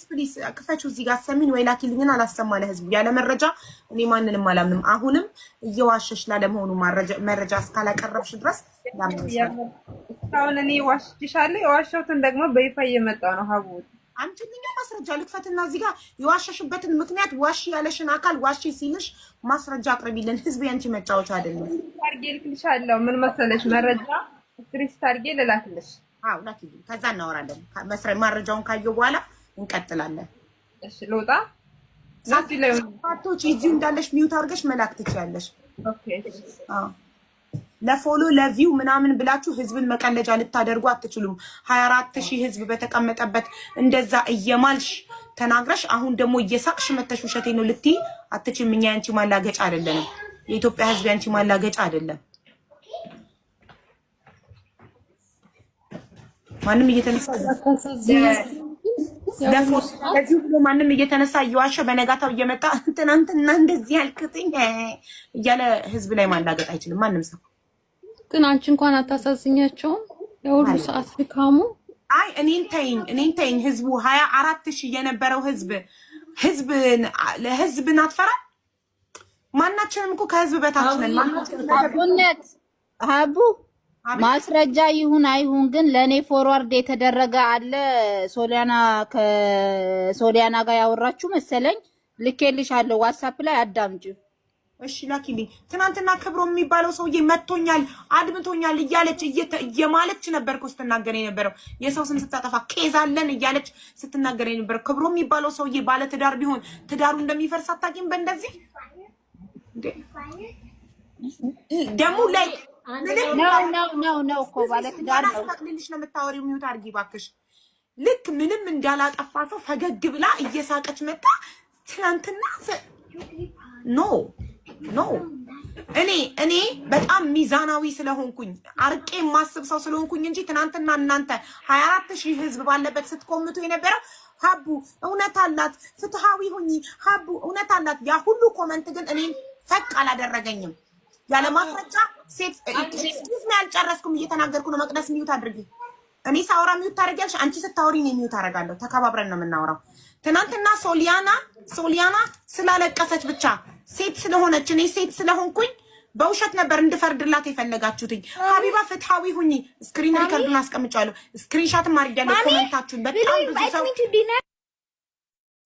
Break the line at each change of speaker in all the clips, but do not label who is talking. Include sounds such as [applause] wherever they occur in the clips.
ስ ፕሊስ ክፈችው እዚህ ጋር ሰሚን ወይ ላኪልኝን አላሰማነ ህዝቡ ያለ መረጃ እኔ ማንንም አላምንም። አሁንም እየዋሸሽ ላለመሆኑ መረጃ እስካላቀረብሽ ድረስ
ሁን እኔ ዋሽሻለ። የዋሸሁትን ደግሞ በይፋ እየመጣ ነው ሀቡ
አንቺንኛ ማስረጃ ልክፈትና እዚህ ጋር የዋሸሽበትን ምክንያት ዋሽ ያለሽን አካል ዋሽ ሲልሽ ማስረጃ አቅርቢልን። ህዝብ ያንቺ መጫወቻ አይደለም።
ታርጌ ልክልሻለሁ። ምን መሰለሽ መረጃ ስክሪስ ታርጌ ልላክልሽ።
ላኪልኝ። ከዛ እናወራለን መረጃውን ካየው በኋላ እንቀጥላለን። እሺ ልውጣ። ሳቶች እዚሁ እንዳለሽ ሚውት አድርገሽ መላክ ትችያለሽ። ለፎሎ ለቪው ምናምን ብላችሁ ህዝብን መቀለጃ ልታደርጉ አትችሉም። ሀያ አራት ሺህ ህዝብ በተቀመጠበት እንደዛ እየማልሽ ተናግረሽ አሁን ደግሞ እየሳቅሽ መተሽ ውሸቴ ነው ልትይ አትችም። እኛ ያንቺ ማላገጫ አይደለንም። የኢትዮጵያ ህዝብ ያንቺ ማላገጫ አይደለም። ማንም እየተነሳ ለዚህ ሁሉ ማንም እየተነሳ እየዋሸ በነጋታው እየመጣ ትናንትና እንደዚህ ያልክትኝ እያለ ህዝብ ላይ ማላገጥ አይችልም ማንም ሰው።
ግን አንቺ እንኳን አታሳዝኛቸውም። የሁሉ ሰዓት ድካሙ።
አይ እኔን ተይኝ፣ እኔን ተይኝ። ህዝቡ ሀያ አራት ሺህ የነበረው ህዝብ ህዝብ ለህዝብን አትፈራ። ማናችንም እኮ ከህዝብ በታች ነን። ማናችን
ሀቡ ማስረጃ ይሁን አይሁን ግን ለእኔ ፎርዋርድ የተደረገ አለ። ሶሊያና ከሶሊያና ጋር ያወራችሁ መሰለኝ። ልኬልሻለሁ፣ ዋትሳፕ ላይ አዳምጪ።
እሺ ላኪልኝ። ትናንትና ክብሮ የሚባለው ሰውዬ መቶኛል፣ አድምቶኛል እያለች እየማለች ነበር እኮ ስትናገር የነበረው። የሰው ስም ስታጠፋ ኬዛለን እያለች ስትናገር የነበረው ክብሮ የሚባለው ሰውዬ ባለትዳር ቢሆን ትዳሩ እንደሚፈርስ አታውቂም? በእንደዚህ ደግሞ ላይ ነው ነው። የምታወሪው። ሚውት አድርጊ እባክሽ። ልክ ምንም እንዳላጠፋ ሰው ፈገግ ብላ እየሳቀች መጣ። ትናንትና ኖ ኖ እኔ እኔ በጣም ሚዛናዊ ስለሆንኩኝ አርቄ የማስብ ሰው ስለሆንኩኝ እንጂ ትናንትና እናንተ ሀያ አራት ሺህ ህዝብ ባለበት ስትቆምቱ የነበረው ሀቡ እውነት አላት፣ ፍትሃዊ ሁኚ ሀቡ እውነት አላት። ያ ሁሉ ኮመንት ግን እኔን ፈቅ አላደረገኝም። ያለ ማስረጃ ሴት ኤክስኪውዝ እየተናገርኩ ነው። መቅደስ ሚዩት አድርጊ። እኔ ሚዩት ታደርጊያለሽ፣ አንቺ ስታወሪ እኔ ሚዩት አደርጋለሁ። ተከባብረን ነው የምናወራው። ትናንትና ሶሊያና ሶሊያና ስላለቀሰች ብቻ ሴት ስለሆነች እኔ ሴት ስለሆንኩኝ በውሸት ነበር እንድፈርድላት የፈለጋችሁትኝ። ሀቢባ ፍትሐዊ ሁኚ። ስክሪን ሪከርዱን አስቀምጫለሁ፣ አድርጊያለሁ። ኮመንታችሁን
በጣም ብዙ ሰው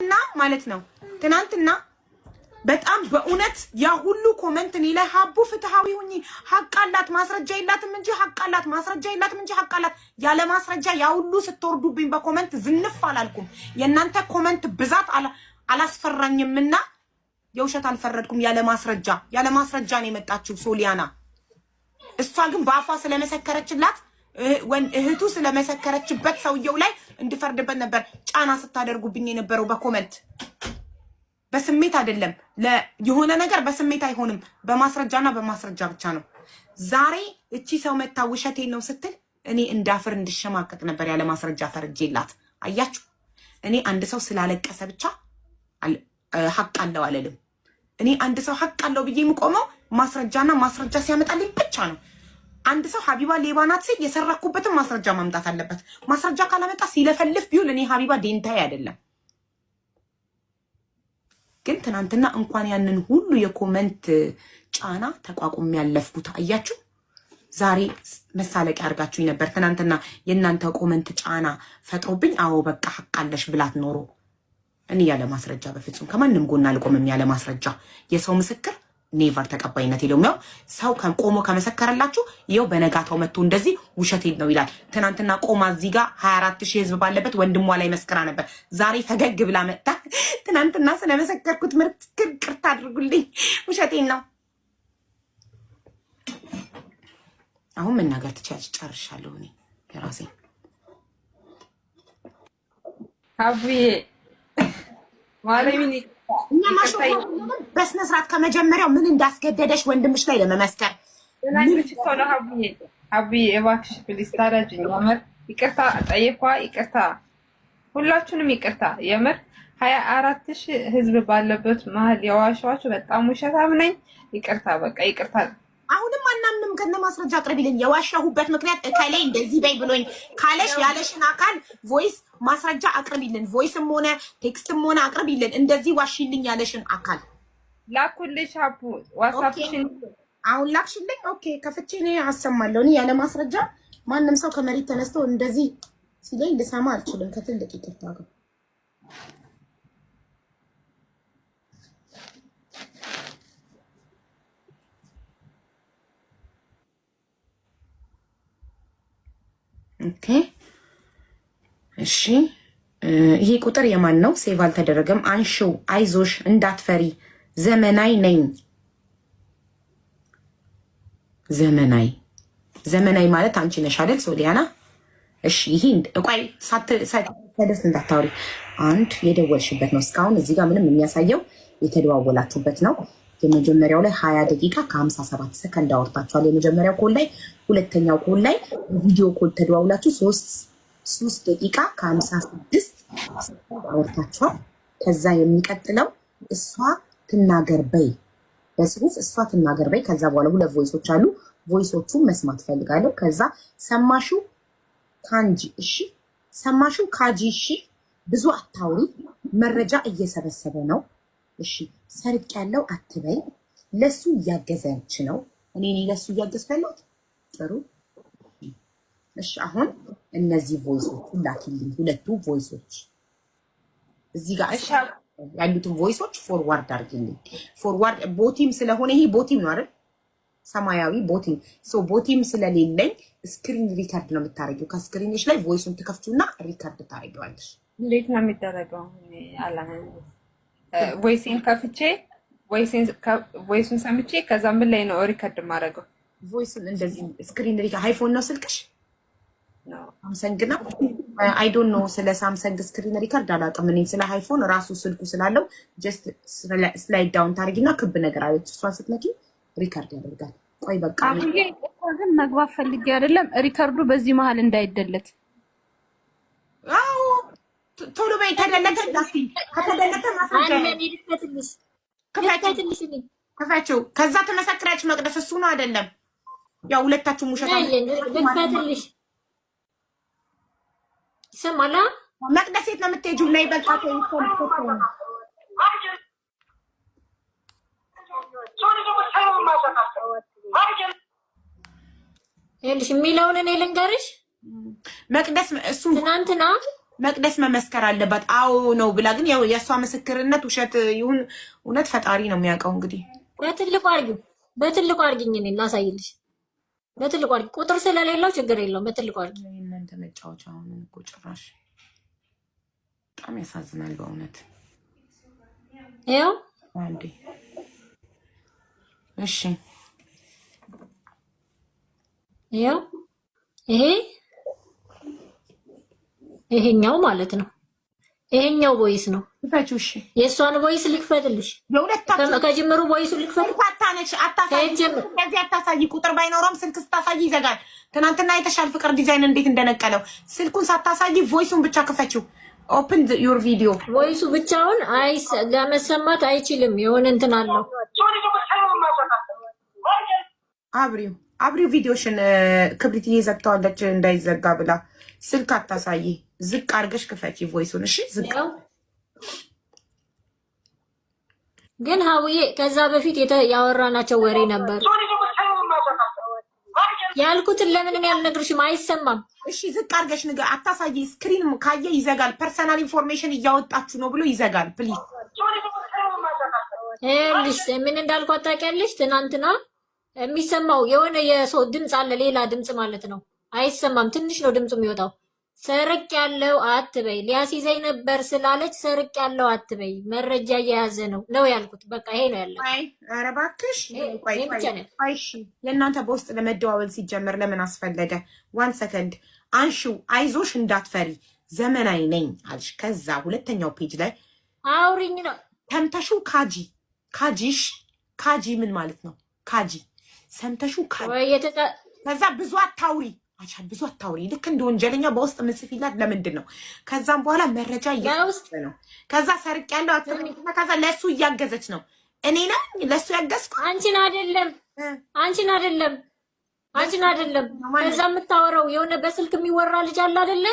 እና ማለት ነው ትናንትና በጣም በእውነት ያ ሁሉ ኮመንት እኔ ላይ ሀቡ ፍትሐዊ ሁኚ። ሀቅ አላት ማስረጃ የላትም እንጂ ሀቅ አላት ማስረጃ የላትም እንጂ ሀቅ አላት። ያለ ማስረጃ ያ ሁሉ ስትወርዱብኝ በኮመንት ዝንፍ አላልኩም። የእናንተ ኮመንት ብዛት አላስፈራኝምና የውሸት አልፈረድኩም። ያለ ማስረጃ ያለ ማስረጃ ነው የመጣችው ሶሊያና። እሷ ግን በአፏ ስለመሰከረችላት እህቱ ስለመሰከረችበት ሰውየው ላይ እንድፈርድበት ነበር ጫና ስታደርጉብኝ የነበረው በኮመንት በስሜት አይደለም። የሆነ ነገር በስሜት አይሆንም። በማስረጃና በማስረጃ ብቻ ነው። ዛሬ እቺ ሰው መታ ውሸቴን ነው ስትል እኔ እንዳፍር እንድሸማቀቅ ነበር ያለ ማስረጃ ፈርጄላት። አያችሁ፣ እኔ አንድ ሰው ስላለቀሰ ብቻ ሀቅ አለው አለልም። እኔ አንድ ሰው ሀቅ አለው ብዬ የምቆመው ማስረጃና ማስረጃ ሲያመጣልኝ ብቻ ነው። አንድ ሰው ሀቢባ ሌባ ናት ሲል የሰራኩበትን ማስረጃ ማምጣት አለበት። ማስረጃ ካላመጣ ሲለፈልፍ ቢውል እኔ ሀቢባ ዴንታዬ አይደለም። ግን ትናንትና እንኳን ያንን ሁሉ የኮመንት ጫና ተቋቁም ያለፍኩት አያችሁ። ዛሬ መሳለቂያ አድርጋችሁኝ ነበር። ትናንትና የእናንተ ኮመንት ጫና ፈጥሮብኝ፣ አዎ በቃ ሀቃለሽ ብላት ኖሮ እኔ ያለ ማስረጃ በፍጹም ከማንም ጎና አልቆምም። ያለ ማስረጃ የሰው ምስክር ኔቨር ተቀባይነት የለውም ነው። ሰው ቆሞ ከመሰከረላችሁ ይኸው በነጋታው መጥቶ እንደዚህ ውሸት ነው ይላል። ትናንትና ቆማ እዚህ ጋር ሀያ አራት ሺህ ህዝብ ባለበት ወንድሟ ላይ መስክራ ነበር። ዛሬ ፈገግ ብላ መጣ። [laughs] ትናንትና ስለመሰከርኩት ምስክር ቅርታ አድርጉልኝ፣ ውሸቴን ነው። አሁን መናገር ትችያለሽ። ጨርሻለሁ እኔ የራሴ
አብዬ ማለሚኒ
እኛ ማሽ በስነ ስርዓት ከመጀመሪያው ምን እንዳስገደደሽ ወንድምሽ ላይ ለመመስከር
አብዬ እባክሽ ፕሊስ ታረጅኝ። የምር ይቅርታ ጠየኳ። ይቅርታ ሁላችሁንም ይቅርታ። የምር ሀያ አራት ሺህ ህዝብ ባለበት መሀል የዋሸኋችሁ በጣም ውሸታም ነኝ። ይቅርታ በቃ ይቅርታ።
አሁንም አናምንም። ከነ ማስረጃ አቅርቢልን። የዋሻሁበት ምክንያት እከላይ እንደዚህ በይ ብሎኝ ካለሽ ያለሽን አካል ቮይስ ማስረጃ አቅርቢልን። ቮይስም ሆነ ቴክስትም ሆነ አቅርቢልን። እንደዚህ ዋሽልኝ ያለሽን አካል
ላኩልሽ። አፑ ዋትስአፕሽን
አሁን ላክሽልኝ። ኦኬ ከፍቼ እኔ አሰማለሁ። እኔ ያለ ማስረጃ ማንም ሰው ከመሬት ተነስቶ እንደዚህ ሲለኝ ልሰማ አልችልም። ከትልቅ ይቅርታ ጋር ኦኬ እሺ ይሄ ቁጥር የማን ነው? ሴቭ አልተደረገም። አንሺው። አይዞሽ፣ እንዳትፈሪ። ዘመናይ ነኝ። ዘመናይ ዘመናይ ማለት አንቺ ነሽ አይደል? ሶሊያና እሺ። ይሄ እቆይ፣ ሳትደርስ እንዳታወሪ። አንድ የደወልሽበት ነው። እስካሁን እዚህ ጋር ምንም የሚያሳየው የተደዋወላችሁበት ነው። የመጀመሪያው ላይ ሀያ ደቂቃ ከሀምሳ ሰባት ሰከንድ አወርታችኋል። የመጀመሪያው ኮል ላይ ሁለተኛው ኮል ላይ ቪዲዮ ኮል ተደዋውላችሁ ሶስት ሶስት ደቂቃ ከሀምሳ ስድስት ሰከንድ አወርታችኋል። ከዛ የሚቀጥለው እሷ ትናገር በይ በጽሁፍ እሷ ትናገር በይ። ከዛ በኋላ ሁለት ቮይሶች አሉ። ቮይሶቹን መስማት ፈልጋለሁ። ከዛ ሰማሹ ካንጂ እሺ፣ ሰማሹ ካጂ እሺ፣ ብዙ አታውሪ፣ መረጃ እየሰበሰበ ነው እሺ ሰርቅ ያለው አትበይ። ለሱ እያገዘች ነው። እኔ እኔ ለሱ እያገዝኩ ያለሁት ጥሩ። እሺ አሁን እነዚህ ቮይሶች ላኪልኝ፣ ሁለቱ ቮይሶች እዚህ ጋር እሺ፣ ያሉትን ቮይሶች ፎርዋርድ አድርግልኝ። ፎርዋርድ ቦቲም ስለሆነ ይሄ ቦቲም ነው አይደል? ሰማያዊ ቦቲም። ሶ ቦቲም ስለሌለኝ ስክሪን ሪከርድ ነው የምታደርጊው። ከስክሪንሽ ላይ ቮይሱን ትከፍቱና ሪከርድ ታደርጊዋለሽ።
እንዴት ነው የሚደረገው? አላማ ቮይሴን ከፍቼ ቮይሱን ሰምቼ ከዛ ምን ላይ ነው ሪከርድ ማድረገው?
ቮይሱን እንደዚህ ስክሪን ሪከርድ አይፎን ነው ስልክሽ? ሳምሰንግ ነው። አይ ዶንት ኖ ስለ ሳምሰንግ ስክሪን ሪከርድ አላውቅም። እኔ ስለ አይፎን ራሱ ስልኩ ስላለው ጀስት ስላይድ ዳውን ታደርጊና ክብ ነገር አለች፣ እሷን ስትነኪ ሪከርድ ያደርጋል። ቆይ በቃ
ግን መግባት ፈልጌ አይደለም ሪከርዱ በዚህ መሀል እንዳይደለት።
አዎ ቶሎ በይ። ተደለተ ከተደለተ ክፈችው። ከዛ ትመሰክሪያች መቅደስ እሱ ነው አይደለም? ያው ሁለታችሁም ውሸት
ልክፈትልሽ።
መቅደስ የት ነው የምትሄጂው? ነይ በቃ
ይኸውልሽ የሚለውን እኔ ልንገርሽ። መቅደስ እሱ ትናንትና
መቅደስ መመስከር አለባት። አዎ ነው ብላ ግን ያው የእሷ ምስክርነት ውሸት ይሁን እውነት ፈጣሪ ነው የሚያውቀው። እንግዲህ
በትልቁ አርጊ፣ በትልቁ አርጊኝ፣ እኔ ላሳይልሽ። በትልቁ አርጊ፣ ቁጥር ስለሌለው ችግር የለውም። በትልቁ አርጊ።
እናንተ መጫወቻ አሁን እኮ ጭራሽ በጣም ያሳዝናል በእውነት
ያው አንዴ እሺ ያው ይሄ ይሄኛው ማለት ነው። ይሄኛው ቦይስ ነው። ክፈቹ። የእሷን ቦይስ ልክፈትልሽ። ከጅምሩ ቦይሱ ልክፈት።
ታነሽ አታሳይ። ቁጥር ባይኖረውም ስልክ ስታሳይ ይዘጋል። ትናንትና የተሻል ፍቅር ዲዛይን እንዴት እንደነቀለው ስልኩን ሳታሳይ ቮይሱን ብቻ ክፈችው። ኦፕን ዩር ቪዲዮ። ቮይሱ ብቻውን ለመሰማት አይችልም። የሆነ እንትን አለው አብሪው አብሪው ቪዲዮሽን ክብሪት እየዘግተዋለች እንዳይዘጋ ብላ ስልክ አታሳይ። ዝቅ አድርገሽ ክፈቺ ቮይሱን። እሺ ዝቅ
ግን ሀውዬ፣ ከዛ በፊት ያወራናቸው ወሬ ነበር ያልኩትን ለምን እኔ አልነግርሽም? አይሰማም።
እሺ ዝቅ አድርገሽ ንገ አታሳይ። ስክሪን ካየ ይዘጋል። ፐርሰናል ኢንፎርሜሽን እያወጣችሁ ነው ብሎ ይዘጋል። ፕሊዝ
ልሽ ምን እንዳልኳት ታውቂያለሽ? ትናንትና የሚሰማው የሆነ የሰው ድምፅ አለ፣ ሌላ ድምፅ ማለት ነው። አይሰማም፣ ትንሽ ነው ድምፁ የሚወጣው። ሰርቅ ያለው አትበይ። ሊያስይዘኝ ነበር ስላለች ሰርቅ ያለው አትበይ፣ መረጃ እየያዘ ነው ነው ያልኩት። በቃ ይሄ ነው ያለው።
ኧረ እባክሽ የእናንተ በውስጥ ለመደዋወል ሲጀመር ለምን አስፈለገ? ዋን ሰከንድ አንሺው። አይዞሽ እንዳትፈሪ ዘመናዊ ነኝ አልሽ። ከዛ ሁለተኛው ፔጅ ላይ አውሪኝ ነው ተምተሹ። ካጂ ካጂሽ፣ ካጂ ምን ማለት ነው? ካጂ ሰምተሹ ከዛ ብዙ አታውሪ አቻ ብዙ አታውሪ። ልክ እንደ ወንጀለኛ በውስጥ ምጽፊላት ለምንድን ነው? ከዛም በኋላ መረጃ እያውስጥ ነው። ከዛ ሰርቅ ያለው አትሪና ከዛ ለእሱ እያገዘች ነው። እኔ ነኝ ለእሱ ያገዝኩ
አንቺን አይደለም፣ አንቺን አይደለም፣ አንቺን አይደለም። ከዛ የምታወራው የሆነ በስልክ የሚወራ ልጅ አለ አይደለ?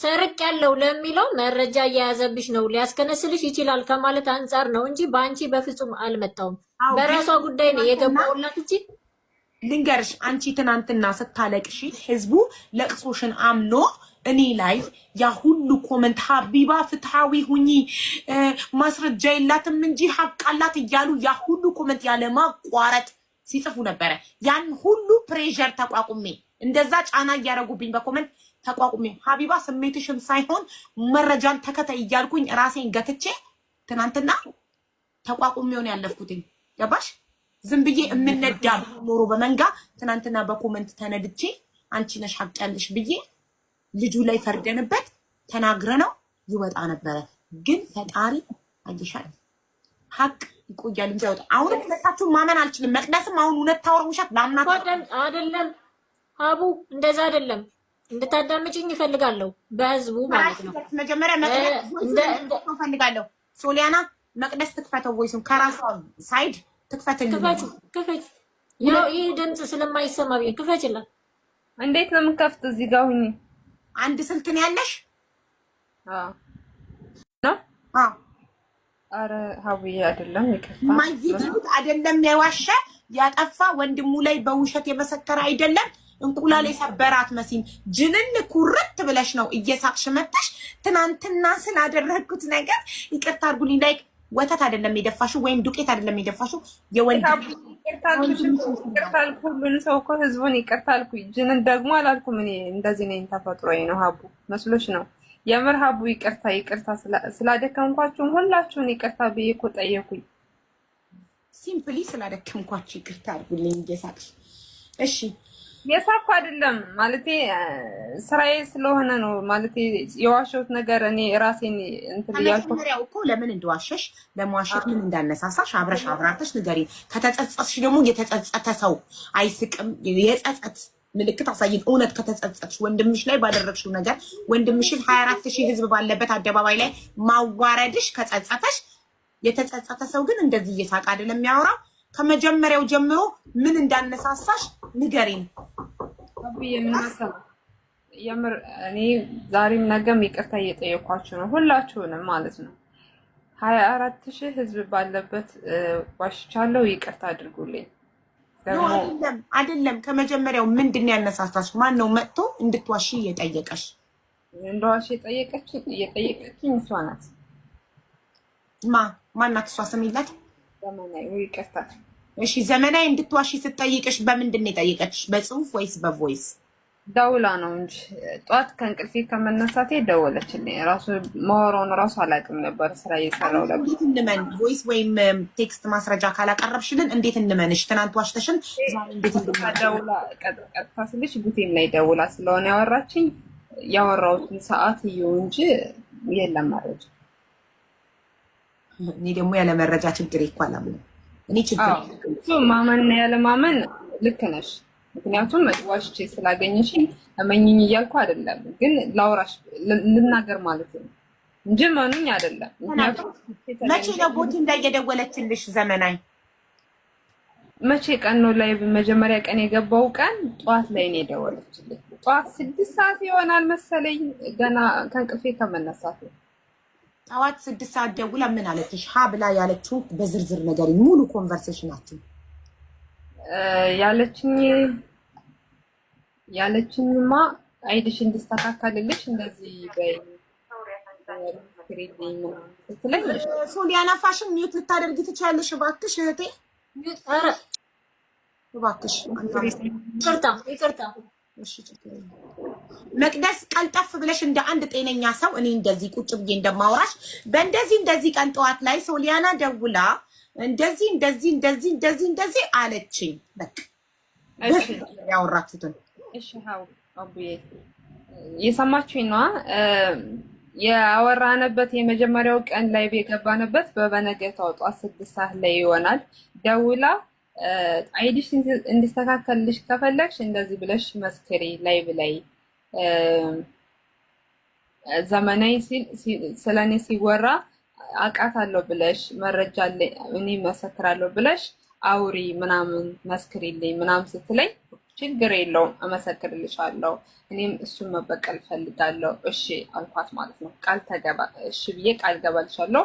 ሰርቅ ያለው ለሚለው መረጃ እየያዘብሽ ነው፣ ሊያስከነስልሽ ይችላል ከማለት አንጻር ነው እንጂ በአንቺ በፍጹም አልመጣውም። በራሷ ጉዳይ ነው የገባውላት እንጂ
ልንገርሽ፣ አንቺ ትናንትና ስታለቅሺ ህዝቡ ለቅሶሽን አምኖ እኔ ላይ ያ ሁሉ ኮመንት ሀቢባ ፍትሐዊ ሁኚ ማስረጃ የላትም እንጂ ሀቃላት እያሉ ያ ሁሉ ኮመንት ያለማቋረጥ ሲጽፉ ነበረ። ያን ሁሉ ፕሬዠር ተቋቁሜ እንደዛ ጫና እያደረጉብኝ በኮመንት ተቋቁሜ ሀቢባ ስሜትሽም ሳይሆን መረጃን ተከታይ እያልኩኝ ራሴን ገትቼ ትናንትና ተቋቁሜውን ያለፍኩትኝ ገባሽ? ዝም ብዬ የምነዳ ኖሮ በመንጋ ትናንትና በኮመንት ተነድቼ አንቺ ነሽ ሀቅ ያለሽ ብዬ ልጁ ላይ ፈርደንበት ተናግረ ነው ይወጣ ነበረ። ግን ፈጣሪ አይሻል ሀቅ ይቆያል እንጂ ያወጣ። አሁን ሁለታችሁን ማመን አልችልም። መቅደስም አሁን እውነት ታወር ውሸት
ላምናት አይደለም። አቡ እንደዛ አይደለም። እንድታዳምጭኝ ይፈልጋለሁ። በህዝቡ ማለት
ነው። መጀመሪያ መቅደስ ይፈልጋለሁ። ሶሊያና መቅደስ ትክፈተው ወይሱን ከራሷ ሳይድ
ያው ይህ ድምፅ ስለማይሰማ ብዬ ክፈችላት። እንዴት ነው የምከፍት? እዚህ ጋር ሁኚ።
አንድ ስንት ነው ያለሽ?
ነው አረ ሀቡዬ አይደለም
ማይትሉት አይደለም የዋሸ ያጠፋ ወንድሙ ላይ በውሸት የመሰከረ አይደለም። እንቁላል የሰበራት መሲም ጅንን ኩርት ብለሽ ነው እየሳቅሽ መጥተሽ ትናንትና ስላደረግኩት ነገር ይቅርታ አድርጉልኝ ላይክ ወተት አይደለም የደፋሹ ወይም ዱቄት አይደለም የደፋሹ።
የወንድ ምን ሰው እኮ ህዝቡን ይቅርታልኩ ጅንን ደግሞ አላልኩ። ምን እንደዚህ ነኝ ተፈጥሮ ነው። ሀቡ መስሎች ነው የምር ሀቡ ይቅርታ ይቅርታ ስላደከምኳችሁም ሁላችሁን ይቅርታ ብዬ እኮ ጠየኩኝ።
ሲምፕሊ ስላደከምኳችሁ ይቅርታ አድርጉልኝ። እየሳቅሽ እሺ
የሳኩ አይደለም ማለት ስራዬ ስለሆነ ነው። ማለት የዋሸሁት ነገር እኔ ራሴን
እንትን ያልኩሪያው እኮ ለምን እንደዋሸሽ ለመዋሸት ምን እንዳነሳሳሽ አብረሽ አብራርተሽ ንገሪ። ከተጸጸትሽ ደግሞ የተጸጸተ ሰው አይስቅም። የጸጸት ምልክት አሳይን። እውነት ከተጸጸትሽ ወንድምሽ ላይ ባደረግሽው ነገር ወንድምሽን ሀያ አራት ሺህ ህዝብ ባለበት አደባባይ ላይ ማዋረድሽ ከጸጸተሽ፣ የተጸጸተ ሰው ግን እንደዚህ እየሳቅ አይደለም የሚያወራው። ከመጀመሪያው ጀምሮ ምን እንዳነሳሳሽ ንገሪን።
የምር እኔ ዛሬም ነገም ይቅርታ እየጠየኳችሁ ነው፣ ሁላችሁንም ማለት ነው። ሀያ አራት ሺህ ህዝብ ባለበት ዋሽቻለሁ፣ ይቅርታ አድርጉልኝ።
አይደለም አይደለም፣ ከመጀመሪያው ምንድን ያነሳሳሽ? ማን ነው መጥቶ እንድትዋሺ እየጠየቀሽ?
እንደዋሽ እየጠየቀችኝ እሷ ናት።
ማ ማናት? እሷ ስም የላት
ዘመናዊ ይቅርታ
እሺ ዘመናዊ እንድትዋሺ ስትጠይቅሽ በምንድን ነው የጠየቀችሽ? በጽሁፍ ወይስ በቮይስ?
ደውላ ነው እንጂ ጠዋት ከእንቅልፌ ከመነሳቴ ደወለችልኝ። ራሱ መሆኑን ራሱ አላውቅም ነበር ስራ እየሰራው
ነበር። እንመን ቮይስ ወይም ቴክስት ማስረጃ ካላቀረብሽልን እንዴት እንመንሽ? ትናንት ዋሽተሽን
እንዴት ደውላ ቀጥታ ስልሽ ቡቴም ላይ ደውላ ስለሆነ ያወራችኝ ያወራሁትን ሰዓት እየው እንጂ የለም መረጃ።
እኔ ደግሞ ያለ መረጃ ችግር ይኳላም እኔ ችግር
ማመን ያለማመን ልክ ነሽ። ምክንያቱም ዋሽቼ ስላገኘሽኝ እመኝኝ እያልኩ አይደለም፣ ግን ላውራሽ ልናገር ማለት ነው እንጂ መኑኝ አይደለም።
መቼ ነው ቦቲ እንዳየደወለችልሽ? ዘመናዊ
መቼ ቀን ነው ላይ መጀመሪያ ቀን የገባው ቀን ጠዋት ላይ ነው የደወለችልኝ። ጠዋት ስድስት ሰዓት ይሆናል መሰለኝ ገና ከእንቅልፌ ከመነሳት ነው
ጠዋት ስድስት ሰዓት ደውላ ምን አለችሽ? ሀ ብላ ያለችው በዝርዝር ነገር ሙሉ ኮንቨርሴሽናችሁ
ያለችኝ ያለችኝማ አይድሽ እንድስተካከልልሽ እንደዚህ
ሶሊያና ፋሽን ሚዩት ልታደርጊ ትችላለሽ እባክሽ እህቴ። እባክሽ
ይቅርታ ይቅርታ።
መቅደስ ቀልጠፍ ብለሽ እንደ አንድ ጤነኛ ሰው እኔ እንደዚህ ቁጭ ብዬ እንደማውራሽ በእንደዚህ እንደዚህ ቀን ጠዋት ላይ ሶሊያና ደውላ እንደዚህ እንደዚህ እንደዚህ እንደዚህ እንደዚህ አለችኝ። በቃ ያወራችሁትን
የሰማችሁኝ ነዋ። ያወራንበት የመጀመሪያው ቀን ላይ የገባንበት በበነገታው ጠዋት ስድስት ሰዓት ላይ ይሆናል። ደውላ አይዲሽ እንዲስተካከልልሽ ከፈለግሽ እንደዚህ ብለሽ መስክሪ ላይ ብላይ ዘመናዊ ሲል ስለ እኔ ሲወራ አውቃታለሁ ብለሽ መረጃ እኔ እኔ መሰክራለሁ ብለሽ አውሪ ምናምን መስክሪልኝ ምናምን ስትለኝ ችግር የለውም እመሰክርልሻለሁ፣ እኔም እሱን መበቀል ፈልጋለሁ። እሺ አልኳት ማለት ነው። ቃል ተገባ እሺ ብዬ ቃል ገባልሻለሁ።